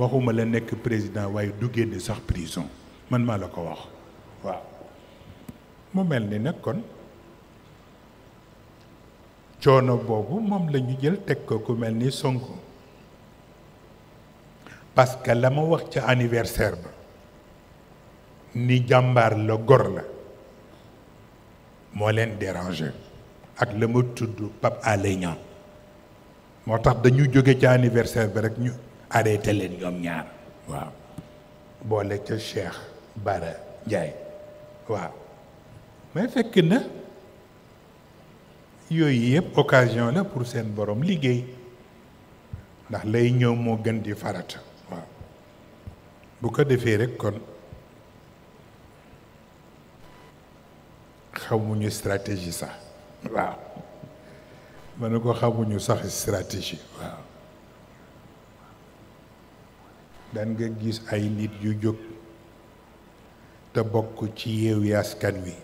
waxuma la nekk président waaye du génne sax prison man maa la ko wax waaw mu mel ni nag kon coono boobu moom la ñu jël teg ko ku mel ni sonk parce que la ma wax ca anniversaire ba ni jàmbaar la gor la moo leen déranger ak la ma tudd Pape Alé Niang moo tax dañu jóge ca anniversaire bi rek arrêté leen ñoom ñaar waaw boole ca Cheikh Bara Ndiaye waaw mais fekk na yooyu yëpp occasion la pour seen borom liggéey ndax lay ñëw moo gën di farata waaw bu ko defee rek kon xamuñu stratégie sax waaw mënu ko xamuñu sax stratégie waaw dan nga gis ay nit yu jóg te bokk ci yeewi yaaskan wi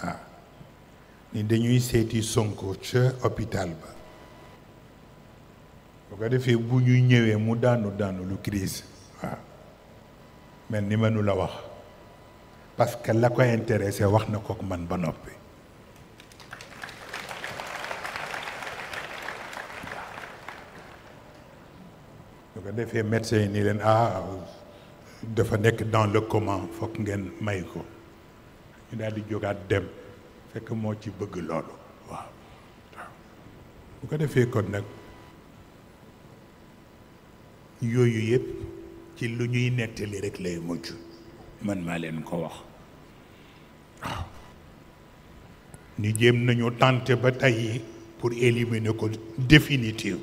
waaw ni dañuy seeti Sonko ca hôpital ba boo ko defee bu ñuy ñëwee mu daanu daanu lu crise waaw mel ni mënu wax parce que la ko intéressé wax na ko man ba noppi ko defee médecin yi nii leen ah dafa nekk dans le comment foog ngeen may ko ñu daal jógaat dem fekk moo ci bëgg loolu waaw bu ko defee kon nag yooyu yëpp ci lu ñuy nettali rek lay mujj man maa leen ko wax waaw ni jéem nañu tenter ba tey pour éliminer ko définitive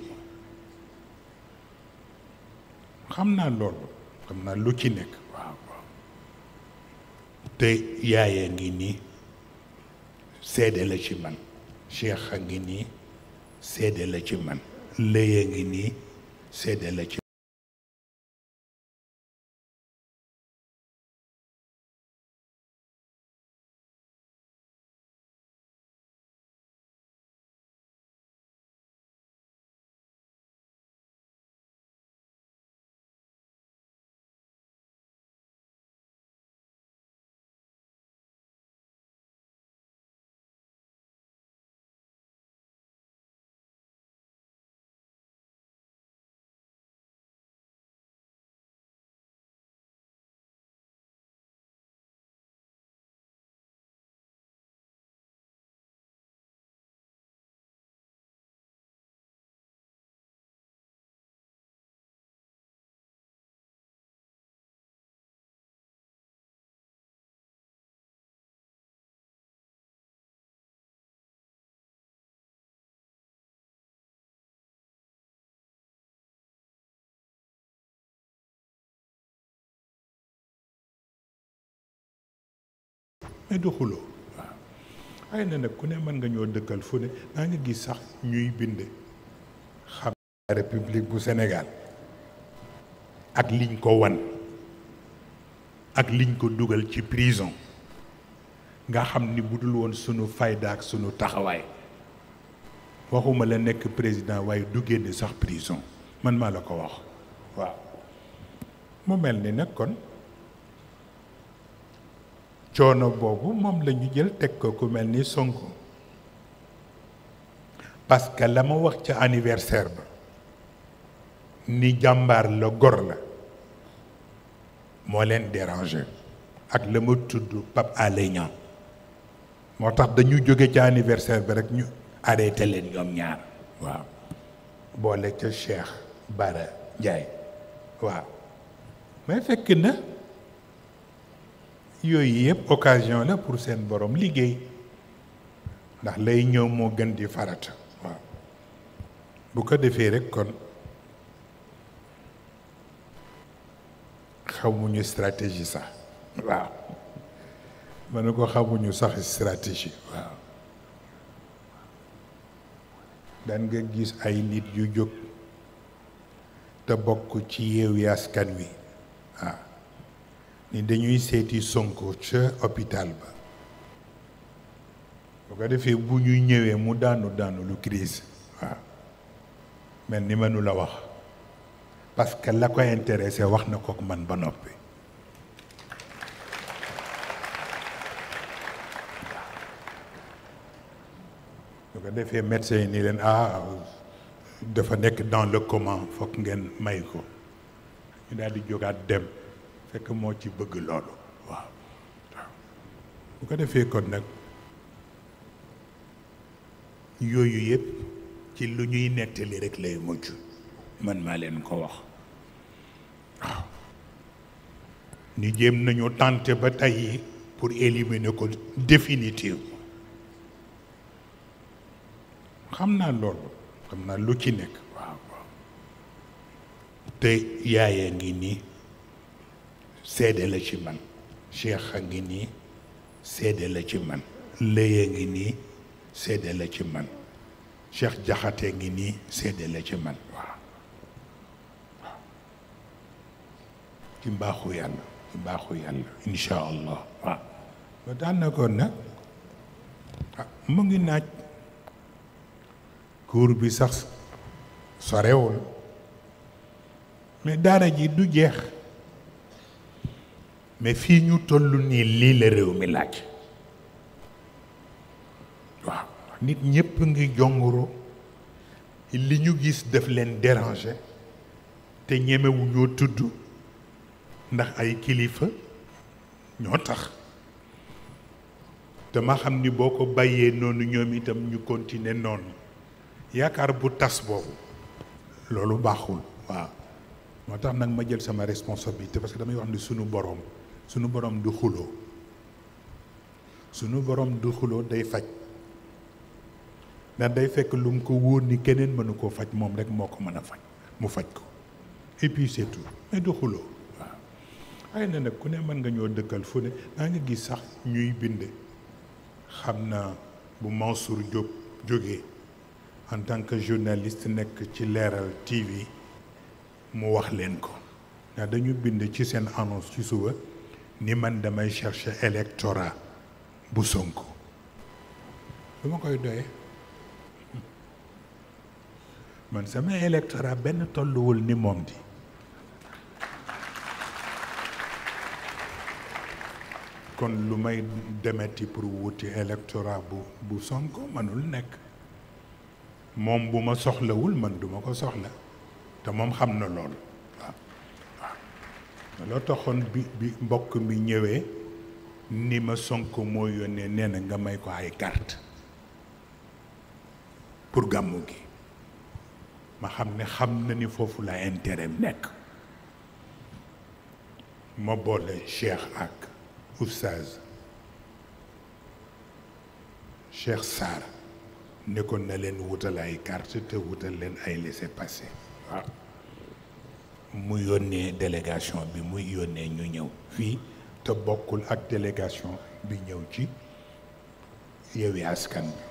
xam naa loolu xam naa lu ci nekk waaw waaw te yaaya ngi nii seede ci man cheikh a ngi nii seede ci man léya ngi nii seede ci mais du xuloo waaw xëy na nag ku ne mën nga ñoo dëkkal fu ne naa nga gis sax ñuy bind xam république bu Sénégal ak liñ ko wan ak liñ ko dugal ci prison nga xam ni bu dul woon sunu fayda ak sunu taxawaay waxuma la nekk président waaye du génn sax prison man maa la ko wax waaw mu mel ni nag coono boobu moom la ñu jël teg koo ku mel ni Sonko parce que la ma wax ca anniversaire ba ni jàmbaar la gor la moo leen déranger ak la ma tudd Pape Alé Niang moo tax dañu jóge ca anniversaire bi rek ñu arrêté leen ñoom ñaar waaw boole ca Cheikh Bara Ndiaye waaw mais fekk na yooyu yëpp occasion la pour seen borom liggéey ndax lay ñëw moo gën di farata waaw bu ko defee rek kon xamuñu stratégie sax waaw ma ne ko xamuñu sax stratégie waaw dan nga gis ay nit yu jóg te bokk ci yeewu askan wi waaw ni dañuy seeti Sonko ca hôpital ba boo ko defee bu ñuy ñëwee mu daanu daanu lu crise waaw mel ni mënu wax parce que la ko intéressé wax na ko man ba noppi boo ko defee médecin yi nii leen ah dafa nekk dans le comment foog ngeen may ko ñu daal di jógaat dem fekk moo ci bëgg loolu waaw bu ko defee kon nag yooyu yëpp ci lu ñuy nettali rekk lay mujj man maa leen ko wax waaw ñu jéem nañu tenter ba tey pour éliminer ko définitivement xam naa loolu xam naa lu ci nekk waaw waaw te yaaya ngi nii seede la ci man cheikh a ngi nii seede la ci man lëya ngi nii seede la ci man cheikh jaxate ngi nii seede la ci man waaw waaw ci mbaaxu yàlla ci mbaaxu yàlla incha allah waaw ba na ko nag ah, mu ngi naaj kuur bi sax sorewul mais daara ji du jeex mais fii ñu tollu nii lii la réew mi laaj waaw nit ñëpp ngi jonguru li ñu gis def leen derange te ñemewu ñoo tudd ndax ay kilifa ñoo tax te ma xam ni boo ko bàyyee noonu ñoom itam ñu continuer noonu yaakaar bu tas boobu loolu baaxul waaw moo tax nag ma jël sama responsabilité parce que damay wax ni sunu boroom sunu borom du xuloo sunu boroom du xuloo day faj ndax day fekk lu mu ko wóor ni keneen mënu koo faj moom rek moo ko mën a faj mu faj ko et puis c'est tout mais du xuloo waaw. na nag ku ne mën nga ñoo dëkkal fu ne naa nga gis sax ñuy bind xam naa bu Mansour jóg jógee en tant que journaliste nekk ci leeral TV mu wax leen ko ndax dañu bind ci seen annonce ci suba. ni man damay chercher électorat bu sonk lu ma koy doyee man sama électorat benn tolluwul ni moom di kon lu may demeti pour wuti électorat bu bu Sonko mënul nekk moom bu ma soxlawul man duma ko soxla te moom xam na lool loo taxoon bi bi mbokk mi ñëwee ni ma Sonko moo yónnee nee na nga may ko ay kart pour gàmmu gi ma xam ne xam na ni foofu la intérêt nekk ma boole Cheikh ak oustaz Cheikh Sarr ne ko na leen wutal ay carte te wutal leen ay laissez-passer mu yónnee délégation bi muy yónnee ñu ñëw fii te bokkul ak délégation bi ñëw ci Yewwi Askan bi